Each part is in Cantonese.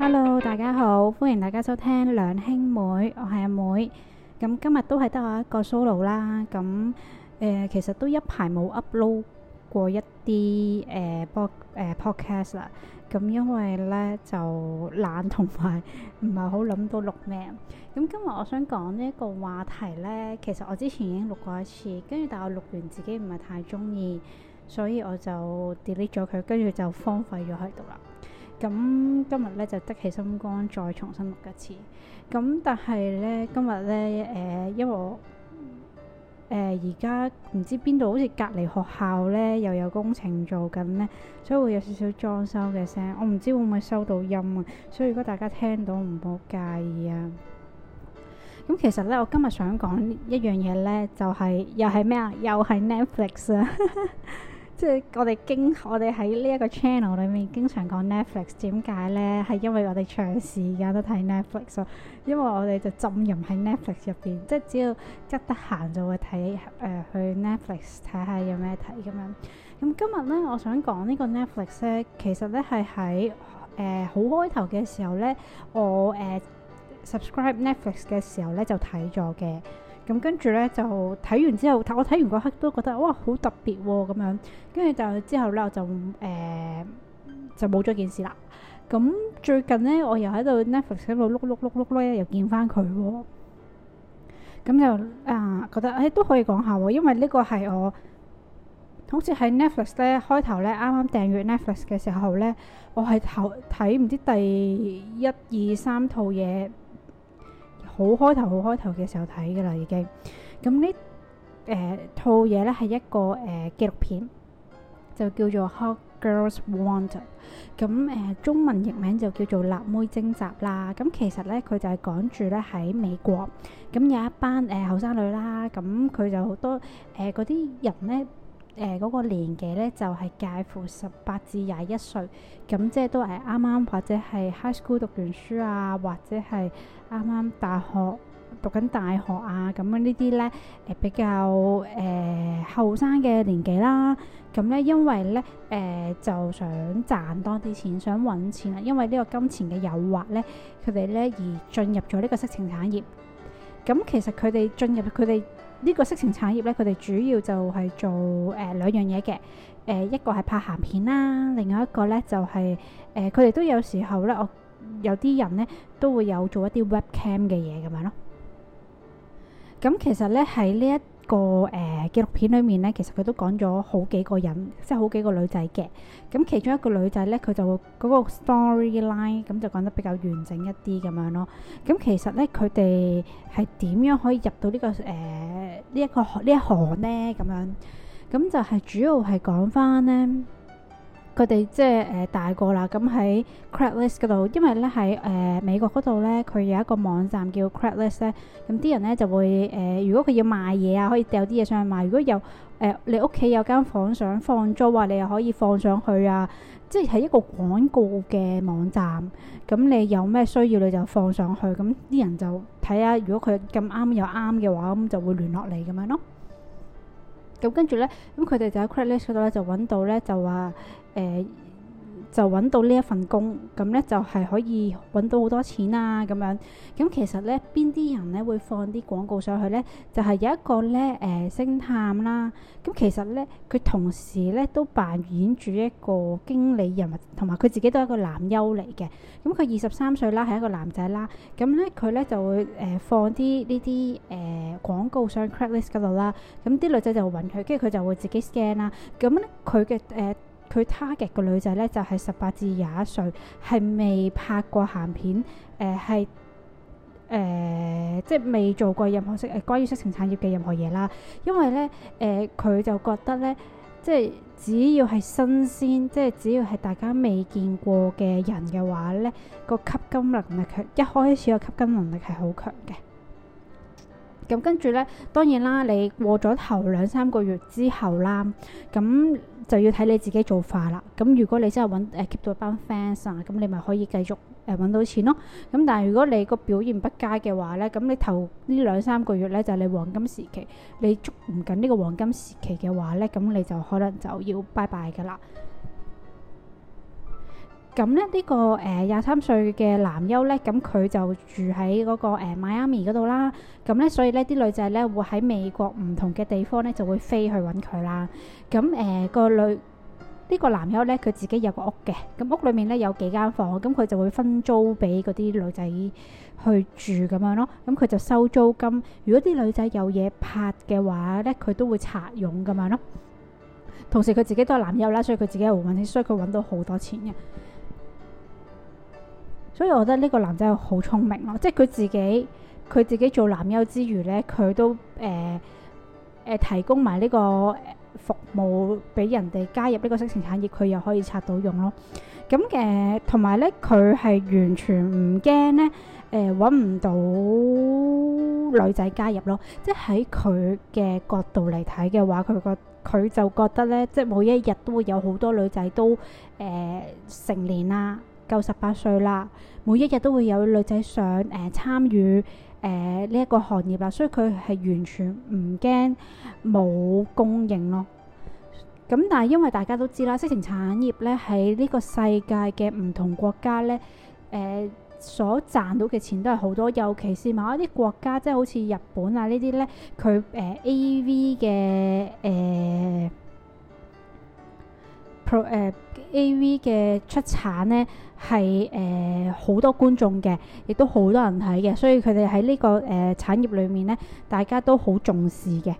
Hello，大家好，歡迎大家收聽兩兄妹，我係阿妹、妹。咁今日都係得我一個 solo 啦。咁誒，其實都一排冇 upload 過一啲誒誒 podcast 啦。咁因為咧就懶同埋唔係好諗到錄咩。咁今日我想講呢個話題咧，其實我之前已經錄過一次，跟住但我錄完自己唔係太中意，所以我就 delete 咗佢，跟住就荒廢咗喺度啦。咁今日咧就得起心肝，再重新錄一次，咁但係咧今日咧誒，因為我誒而家唔知邊度，好似隔離學校咧又有工程做緊咧，所以會有少少裝修嘅聲，我唔知會唔會收到音，啊，所以如果大家聽到唔好介意啊。咁、嗯、其實咧，我今日想講一樣嘢咧，就係、是、又係咩啊？又係 Netflix 啊！ 即係我哋經，我哋喺呢一個 channel 裏面經常講 Netflix，點解呢？係因為我哋長時間都睇 Netflix 啊，因為我哋就浸淫喺 Netflix 入邊，即係只要一得閒就會睇誒、呃、去 Netflix 睇下有咩睇咁樣。咁、嗯、今日呢，我想講呢個 Netflix 呢，其實呢係喺誒好開頭嘅時候呢，我誒 subscribe、呃、Netflix 嘅時候呢就睇咗嘅。咁跟住呢，就睇完之後，我睇完嗰刻都覺得哇好特別喎、哦、咁樣，跟住就之後呢，我就誒、呃、就冇咗件事啦。咁最近呢，我又喺度 Netflix 喺度碌碌碌碌咧，又，又見返佢喎。咁、嗯、就啊覺得誒都可以講下喎、哦，因為個呢個係我好似喺 Netflix 咧開頭呢啱啱訂閲 Netflix 嘅時候呢，我係睇睇唔知第一二三套嘢。好開頭，好開頭嘅時候睇㗎啦，已經。咁、呃、呢誒套嘢呢係一個誒、呃、紀錄片，就叫做《Hot Girls Wanted》呃。咁誒中文譯名就叫做《辣妹徵集》啦。咁其實呢，佢就係講住呢喺美國，咁有一班誒後生女啦，咁佢就好多誒嗰啲人呢。誒嗰、呃那個年紀咧就係、是、介乎十八至廿一歲，咁即係都係啱啱或者係 high school 讀完書啊，或者係啱啱大學讀緊大學啊，咁樣呢啲咧誒比較誒後生嘅年紀啦。咁咧因為咧誒、呃、就想賺多啲錢，想揾錢啦，因為呢個金錢嘅誘惑咧，佢哋咧而進入咗呢個色情產業。咁其實佢哋進入佢哋。呢個色情產業咧，佢哋主要就係做誒兩、呃、樣嘢嘅誒，一個係拍鹹片啦，另外一個咧就係、是、誒，佢、呃、哋都有時候咧，我有啲人咧都會有做一啲 webcam 嘅嘢咁樣咯。咁其實咧喺呢一個誒、呃、紀錄片裏面咧，其實佢都講咗好幾個人，即係好幾個女仔嘅。咁其中一個女仔咧，佢就嗰個 storyline 咁就講得比較完整一啲咁樣咯。咁其實咧，佢哋係點樣可以入到呢、呢個誒呢一個呢一行咧？咁樣咁就係主要係講翻咧。佢哋即係誒、呃、大個啦，咁、嗯、喺 Craigslist 嗰度，因為咧喺誒美國嗰度咧，佢有一個網站叫 Craigslist 咧、嗯，咁啲人咧就會誒、呃，如果佢要賣嘢啊，可以掉啲嘢上去賣；如果有誒、呃、你屋企有間房想放租啊，你又可以放上去啊，即係係一個廣告嘅網站。咁、嗯、你有咩需要你就放上去，咁、嗯、啲人就睇下，如果佢咁啱又啱嘅話，咁就會聯絡你咁樣咯。咁、嗯、跟住咧，咁佢哋就喺 credit list 嗰度咧，就揾到咧，就話誒。就揾到呢一份工，咁呢就係可以揾到好多錢啊咁樣。咁其實呢邊啲人呢會放啲廣告上去呢？就係、是、有一個呢誒，星、呃、探啦。咁其實呢，佢同時呢都扮演住一個經理人物，同埋佢自己都係一個男優嚟嘅。咁佢二十三歲啦，係一個男仔啦。咁呢，佢呢就會誒放啲呢啲誒廣告上 credit list 嗰度啦。咁啲女仔就揾佢，跟住佢就會自己 scan 啦。咁呢，佢嘅誒。呃佢 target 個女仔咧就係十八至廿一歲，係未拍過鹹片，誒係誒即係未做過任何色誒關於色情產業嘅任何嘢啦。因為咧誒佢就覺得咧，即係只要係新鮮，即係只要係大家未見過嘅人嘅話咧，個吸金能力強，一開始個吸金能力係好強嘅。咁跟住呢，當然啦，你過咗頭兩三個月之後啦，咁就要睇你自己做法啦。咁如果你真係揾誒 keep 到一班 fans 啊，咁你咪可以繼續誒揾、呃、到錢咯。咁但係如果你個表現不佳嘅話呢，咁你頭呢兩三個月呢，就係、你、黃金時期，你捉唔緊呢個黃金時期嘅話呢，咁你就可能就要拜拜噶啦。咁咧呢個誒廿三歲嘅男優咧，咁佢就住喺嗰、那個、呃、Miami 嗰度啦。咁咧，所以咧啲女仔咧會喺美國唔同嘅地方咧就會飛去揾佢啦。咁誒個女呢、這個男優咧，佢自己有個屋嘅。咁屋裏面咧有幾間房，咁佢就會分租俾嗰啲女仔去住咁樣咯。咁佢就收租金。如果啲女仔有嘢拍嘅話咧，佢都會拆佣咁樣咯。同時佢自己都係男優啦，所以佢自己又揾，所以佢揾到好多錢嘅。所以，我覺得呢個男仔好聰明咯，即係佢自己，佢自己做男優之餘呢，佢都誒、呃呃、提供埋呢個服務俾人哋加入呢個色情產業，佢又可以拆到佣咯。咁誒，同埋呢，佢係完全唔驚呢，誒、呃，揾唔到女仔加入咯。即係喺佢嘅角度嚟睇嘅話，佢覺佢就覺得呢，即係每一日都會有好多女仔都、呃、成年啦、啊。夠十八歲啦，每一日都會有女仔想誒、呃、參與誒呢一個行業啦，所以佢係完全唔驚冇供應咯。咁、嗯、但係因為大家都知啦，色情產業咧喺呢個世界嘅唔同國家咧誒、呃、所賺到嘅錢都係好多，尤其是某一啲國家，即係好似日本啊呢啲咧，佢誒、呃、AV 嘅誒。呃誒 AV 嘅出產呢係誒好多觀眾嘅，亦都好多人睇嘅，所以佢哋喺呢個誒產業裏面呢，大家都好重視嘅。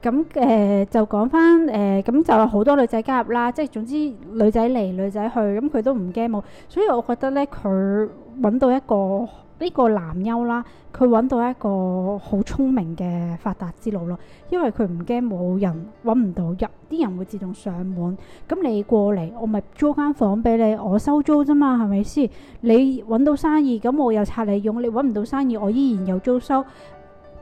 咁誒就講返誒，咁就有好多女仔加入啦，即係總之女仔嚟女仔去，咁佢都唔驚冇，所以我覺得呢佢揾到一個，呢個男優啦，佢揾到一個好聰明嘅發達之路咯，因為佢唔驚冇人揾唔到人，啲人會自動上門。咁你過嚟，我咪租間房俾你，我收租啫嘛，係咪先？你揾到生意，咁我又拆你用；你揾唔到生意，我依然有租收。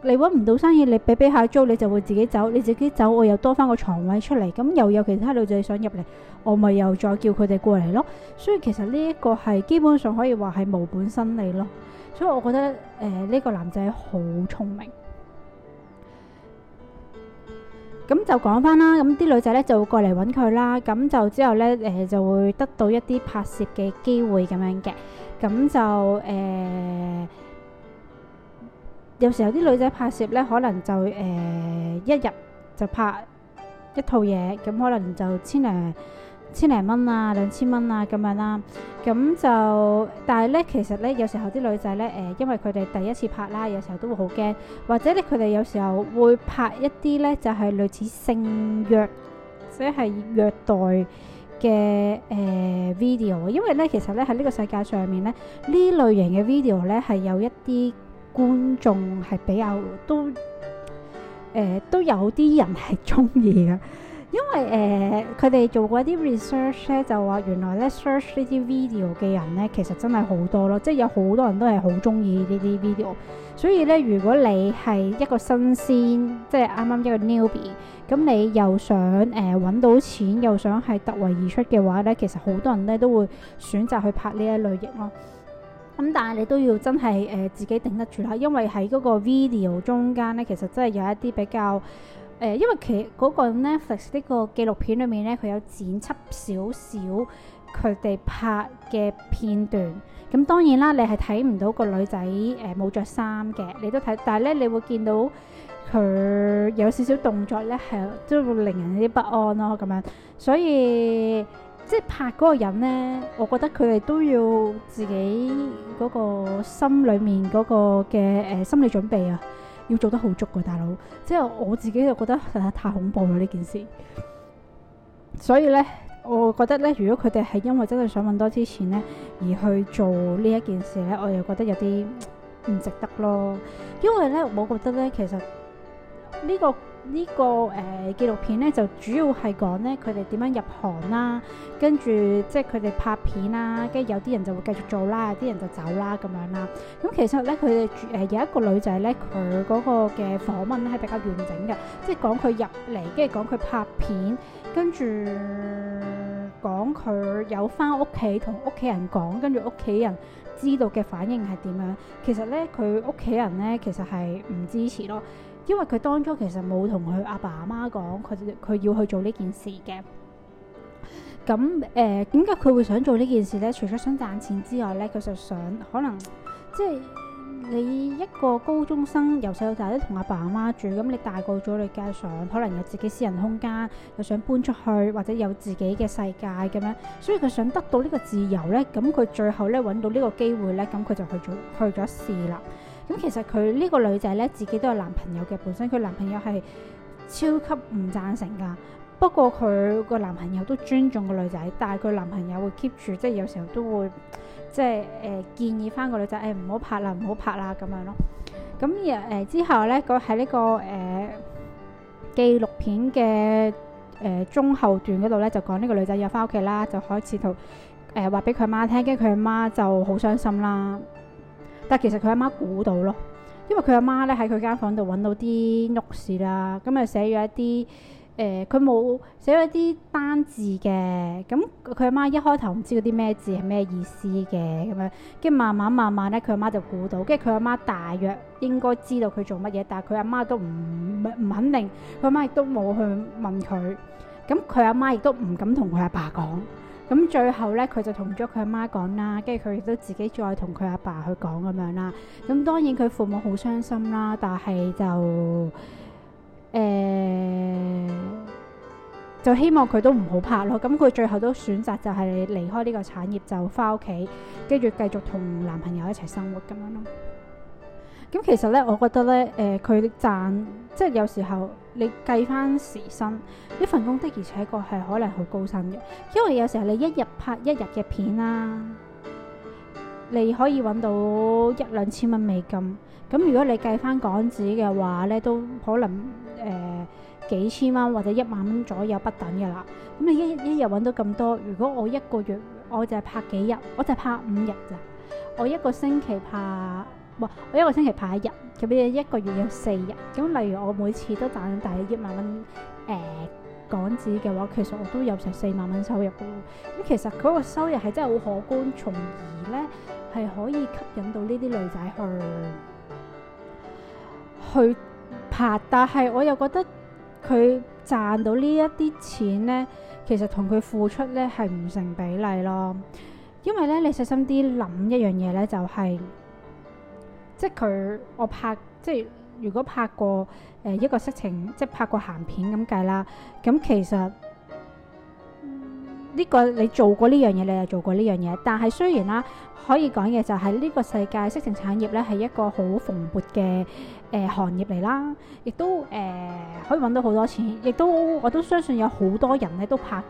你揾唔到生意，你俾俾下租，你就會自己走。你自己走，我又多翻個床位出嚟，咁又有其他女仔想入嚟，我咪又再叫佢哋過嚟咯。所以其實呢一個係基本上可以話係無本生利咯。所以我覺得誒呢、呃這個男仔好聰明。咁就講翻啦，咁啲女仔呢就會過嚟揾佢啦。咁就之後呢，誒、呃、就會得到一啲拍攝嘅機會咁樣嘅。咁就誒。呃有時候啲女仔拍攝咧，可能就誒、呃、一日就拍一套嘢，咁可能就千零千零蚊啊，兩千蚊啊咁樣啦、啊。咁就但係咧，其實咧有時候啲女仔咧誒，因為佢哋第一次拍啦，有時候都會好驚，或者咧佢哋有時候會拍一啲咧就係、是、類似性虐，即、就、係、是、虐待嘅誒、呃、video。因為咧其實咧喺呢個世界上面咧，呢類型嘅 video 咧係有一啲，觀眾係比較都誒、呃、都有啲人係中意嘅，因為誒佢哋做過啲 research 咧，就話原來咧 search 呢啲 video 嘅人咧，其實真係好多咯，即係有好多人都係好中意呢啲 video，所以咧如果你係一個新鮮，即係啱啱一個 newbie，咁你又想誒揾、呃、到錢，又想係突圍而出嘅話咧，其實好多人咧都會選擇去拍呢一類型咯。咁、嗯、但係你都要真係誒、呃、自己頂得住啦，因為喺嗰個 video 中間呢，其實真係有一啲比較誒、呃，因為其嗰、嗰個 Netflix 呢個紀錄片裏面呢，佢有剪輯少少佢哋拍嘅片段。咁、嗯、當然啦，你係睇唔到個女仔誒冇着衫嘅，你都睇，但係呢，你會見到佢有少少動作呢，係都會令人有啲不安咯，咁樣所以。即係拍嗰個人呢，我覺得佢哋都要自己嗰個心裏面嗰個嘅誒、呃、心理準備啊，要做得好足噶、啊，大佬。即係我自己就覺得實在、啊、太恐怖啦呢件事。所以呢，我覺得呢，如果佢哋係因為真係想搵多啲錢呢而去做呢一件事呢，我又覺得有啲唔值得咯。因為呢，我覺得呢，其實呢、呢個。呢、這個誒、呃、紀錄片咧，就主要係講咧佢哋點樣入行啦，跟住即係佢哋拍片啦，跟住有啲人就會繼續做啦，有啲人就走啦咁樣啦。咁、嗯、其實咧，佢哋住誒有一個女仔咧，佢嗰個嘅訪問咧係比較完整嘅，即係講佢入嚟，跟住講佢拍片，跟住講佢有返屋企同屋企人講，跟住屋企人知道嘅反應係點樣。其實咧，佢屋企人咧其實係唔支持咯。因為佢當初其實冇同佢阿爸阿媽講，佢佢要去做呢件事嘅。咁誒，點解佢會想做呢件事呢？除咗想賺錢之外呢，佢就想可能即係你一個高中生，由細到大都同阿爸阿媽住，咁你大個咗，你梗係想可能有自己私人空間，又想搬出去，或者有自己嘅世界咁樣。所以佢想得到呢個自由呢。咁佢最後呢，揾到呢個機會呢，咁佢就去做去咗試啦。咁其實佢呢個女仔咧，自己都有男朋友嘅本身，佢男朋友係超級唔贊成噶。不過佢個男朋友都尊重個女仔，但係佢男朋友會 keep 住，即係有時候都會即係誒、呃、建議翻個女仔，誒唔好拍啦，唔好拍啦咁樣咯。咁誒、呃、之後咧，佢喺呢個誒、呃、紀錄片嘅誒、呃、中後段嗰度咧，就講呢個女仔要翻屋企啦，就開始同誒話俾佢媽聽，跟住佢媽就好傷心啦。但其實佢阿媽估到咯，因為佢阿媽咧喺佢間房度揾到啲 note 啦，咁、嗯、啊寫咗一啲誒，佢、呃、冇寫咗一啲單字嘅，咁佢阿媽一開頭唔知嗰啲咩字係咩意思嘅咁樣，跟、嗯、住慢慢慢慢咧，佢阿媽，媽就估到，跟住佢阿媽大約應該知道佢做乜嘢，但係佢阿媽都唔唔肯定，佢阿媽亦都冇去問佢，咁佢阿媽亦都唔敢同佢阿爸講。咁最後咧，佢就同咗佢阿媽講啦，跟住佢亦都自己再同佢阿爸去講咁樣啦。咁當然佢父母好傷心啦，但係就誒、欸、就希望佢都唔好拍咯。咁佢最後都選擇就係離開呢個產業，就返屋企，跟住繼續同男朋友一齊生活咁樣咯。咁其實咧，我覺得咧，誒佢賺，即係有時候你計翻時薪，呢份工的而且確係可能好高薪嘅，因為有時候你一日拍一日嘅片啦，你可以揾到一兩千蚊美金，咁如果你計翻港紙嘅話咧，都可能誒、呃、幾千蚊或者一萬蚊左右不等嘅啦。咁你一日一日揾到咁多，如果我一個月我就係拍幾日，我就係拍五日咋，我一個星期拍。我一個星期拍一日，咁你一個月有四日。咁例如我每次都賺大約一萬蚊、呃、港紙嘅話，其實我都有成四萬蚊收入咁，嗯、其實嗰個收入係真係好可觀，從而呢係可以吸引到呢啲女仔去去拍。但係我又覺得佢賺到呢一啲錢呢，其實同佢付出呢係唔成比例咯。因為呢，你細心啲諗一樣嘢呢，就係、是。即係佢，我拍即係如果拍過誒、呃、一個色情，即係拍過鹹片咁計啦。咁其實呢個你做過呢樣嘢，你就做過呢樣嘢。但係雖然啦，可以講嘅就係呢個世界色情產業咧係一個好蓬勃嘅誒、呃、行業嚟啦，亦都誒、呃、可以搵到好多錢，亦都我都相信有好多人咧都拍，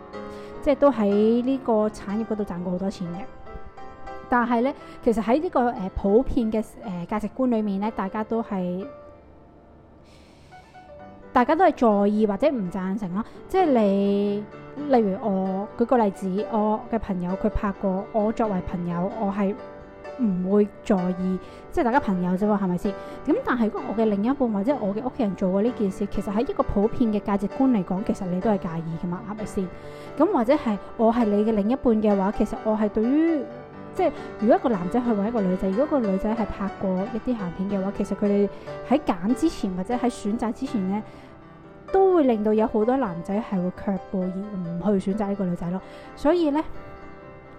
即係都喺呢個產業嗰度賺過好多錢嘅。但係咧，其實喺呢個誒普遍嘅誒價值觀裏面咧，大家都係大家都係在意或者唔贊成咯。即係你例如我舉個例子，我嘅朋友佢拍過我，作為朋友我係唔會在意，即係大家朋友啫喎，係咪先？咁但係如果我嘅另一半或者我嘅屋企人做過呢件事，其實喺一個普遍嘅價值觀嚟講，其實你都係介意噶嘛，係咪先？咁或者係我係你嘅另一半嘅話，其實我係對於。即係如果一個男仔去揾一個女仔，如果個女仔係拍過一啲鹹片嘅話，其實佢哋喺揀之前或者喺選擇之前呢，都會令到有好多男仔係會卻步而唔去選擇呢個女仔咯。所以呢，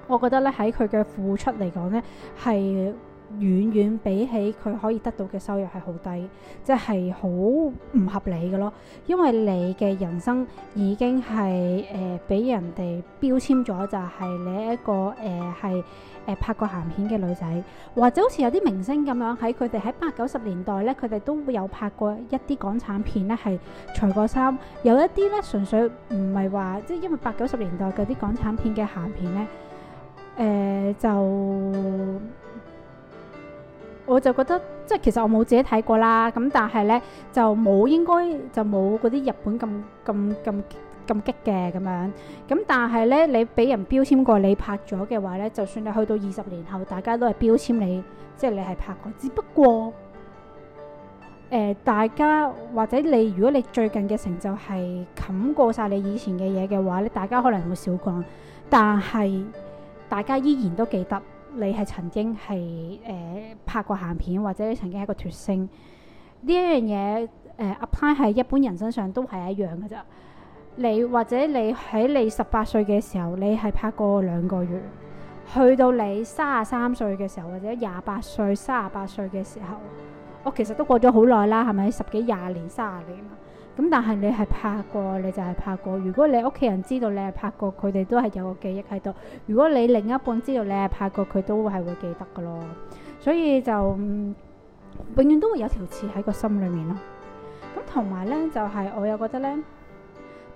我覺得咧，喺佢嘅付出嚟講呢，係。遠遠比起佢可以得到嘅收入係好低，即係好唔合理嘅咯。因為你嘅人生已經係誒俾人哋標籤咗，就係你一個誒係誒拍過鹹片嘅女仔，或者好似有啲明星咁樣喺佢哋喺八九十年代呢，佢哋都會有拍過一啲港產片呢，係除過衫，有一啲呢，純粹唔係話即係因為八九十年代嗰啲港產片嘅鹹片呢，誒、呃、就。我就覺得，即係其實我冇自己睇過啦。咁但係呢，就冇應該就冇嗰啲日本咁咁咁咁激嘅咁樣。咁但係呢，你俾人標籤過你拍咗嘅話呢，就算你去到二十年後，大家都係標籤你，即係你係拍過。只不過，呃，大家或者你，如果你最近嘅成就係冚過晒你以前嘅嘢嘅話咧，大家可能會少講，但係大家依然都記得。你係曾經係誒、呃、拍過鹹片，或者你曾經係一個脫星，呢一樣嘢誒 apply 喺一般人身上都係一樣嘅咋，你或者你喺你十八歲嘅時候，你係拍過兩個月，去到你三十三歲嘅時候，或者廿八歲、三十八歲嘅時候，我其實都過咗好耐啦，係咪十幾、廿年、三十年？咁但係你係拍過，你就係拍過。如果你屋企人知道你係拍過，佢哋都係有個記憶喺度。如果你另一半知道你係拍過，佢都係會記得噶咯。所以就、嗯、永遠都會有條刺喺個心裏面咯。咁同埋呢，就係、是、我又覺得呢。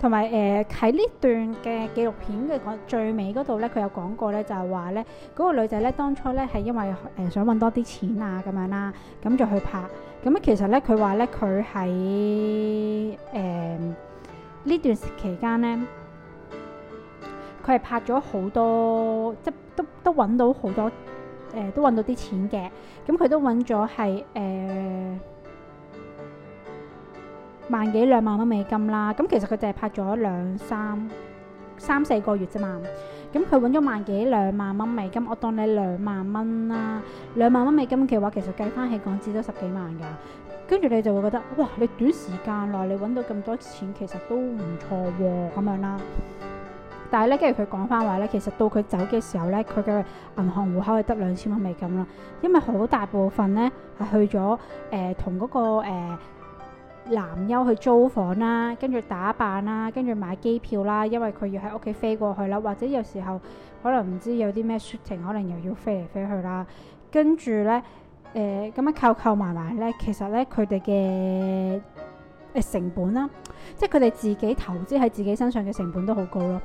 同埋誒喺呢段嘅紀錄片嘅最尾嗰度咧，佢有講過咧，就係話咧，嗰個女仔咧，當初咧係因為誒想揾多啲錢啊咁樣啦，咁就去拍。咁其實咧，佢話咧，佢喺誒呢段期間咧，佢係拍咗好多，即都都揾到好多誒，都揾到啲錢嘅。咁佢都揾咗係誒。呃萬幾兩萬蚊美金啦，咁其實佢淨係拍咗兩三三四個月啫嘛，咁佢揾咗萬幾兩萬蚊美金，我當你兩萬蚊啦，兩萬蚊美金嘅話，其實計翻起港紙都十幾萬噶，跟住你就會覺得哇，你短時間內你揾到咁多錢其實都唔錯喎，咁樣啦。但係呢，跟住佢講翻話呢，其實到佢走嘅時候呢，佢嘅銀行戶口係得兩千蚊美金啦，因為好大部分呢係去咗誒同嗰個、呃男優去租房啦，跟住打扮啦，跟住買機票啦，因為佢要喺屋企飛過去啦，或者有時候可能唔知有啲咩 shooting，可能又要飛嚟飛去啦，跟住呢，誒、呃、咁樣扣扣埋埋呢，其實呢，佢哋嘅成本啦，即係佢哋自己投資喺自己身上嘅成本都好高咯。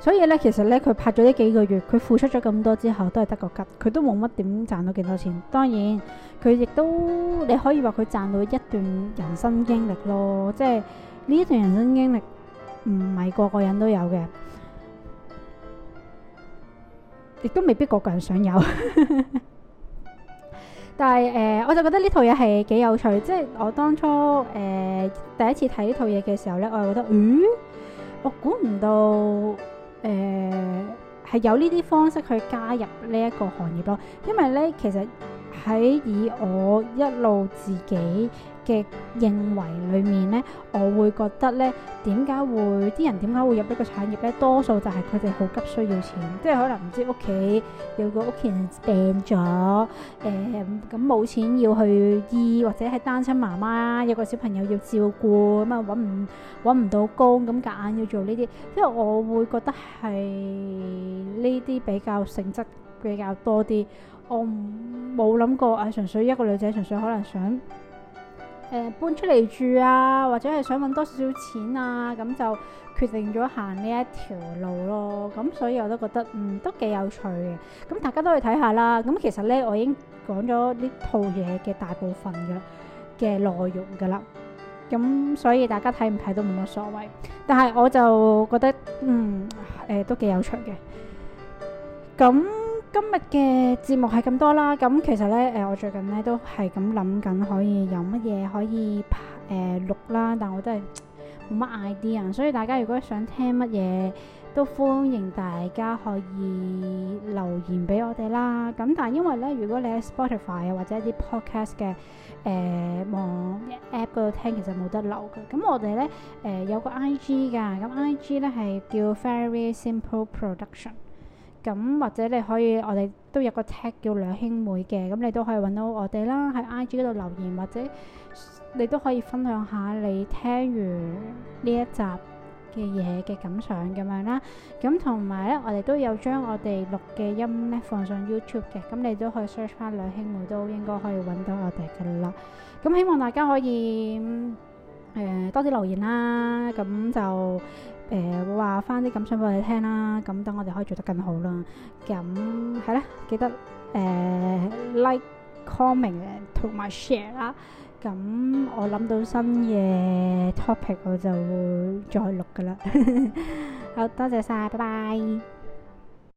所以咧，其實咧，佢拍咗呢幾個月，佢付出咗咁多之後，都係得個吉，佢都冇乜點賺到幾多錢。當然，佢亦都你可以話佢賺到一段人生經歷咯。即係呢段人生經歷，唔係個個人都有嘅，亦都未必個個人想有。 但係誒、呃，我就覺得呢套嘢係幾有趣。即係我當初誒、呃、第一次睇呢套嘢嘅時候咧，我就覺得，嗯、呃，我估唔到。誒係、呃、有呢啲方式去加入呢一個行業咯，因為呢其實。喺以我一路自己嘅認為裏面呢，我會覺得呢點解會啲人點解會入呢個產業呢？多數就係佢哋好急需要錢，即係可能唔知屋企有個屋企人病咗，誒咁冇錢要去醫，或者係單親媽媽有個小朋友要照顧，咁啊揾唔揾唔到工，咁夾硬要做呢啲，即係我會覺得係呢啲比較性質比較多啲。我冇諗過，啊，純粹一個女仔，純粹可能想誒、呃、搬出嚟住啊，或者係想揾多少少錢啊，咁就決定咗行呢一條路咯。咁所以我都覺得嗯都幾有趣嘅。咁大家都去睇下啦。咁其實呢，我已經講咗呢套嘢嘅大部分嘅嘅內容㗎啦。咁所以大家睇唔睇都冇乜所謂。但係我就覺得嗯誒、呃、都幾有趣嘅。咁。今日嘅節目係咁多啦，咁其實咧，誒、呃、我最近咧都係咁諗緊可以有乜嘢可以拍誒、呃、錄啦，但我都係冇乜 idea。所以大家如果想聽乜嘢，都歡迎大家可以留言俾我哋啦。咁但因為咧，如果你喺 Spotify 啊或者一啲 podcast 嘅誒、呃、網 app 嗰度聽，其實冇得留嘅。咁我哋咧誒有個 IG 㗎，咁 IG 咧係叫 Very Simple Production。咁或者你可以，我哋都有個 tag 叫兩兄妹嘅，咁你都可以揾到我哋啦。喺 IG 嗰度留言，或者你都可以分享下你聽完呢一集嘅嘢嘅感想咁樣啦。咁同埋呢，我哋都有將我哋錄嘅音呢放上 YouTube 嘅，咁你都可以 search 返兩兄妹，都應該可以揾到我哋㗎啦。咁希望大家可以誒、呃、多啲留言啦。咁就～誒，話翻啲感想俾我哋聽啦，咁等我哋可以做得更好啦。咁係啦，記得誒、呃、like、comment 同埋 share 啦。咁我諗到新嘅 topic，我就會再錄噶啦。 好多謝晒，拜拜。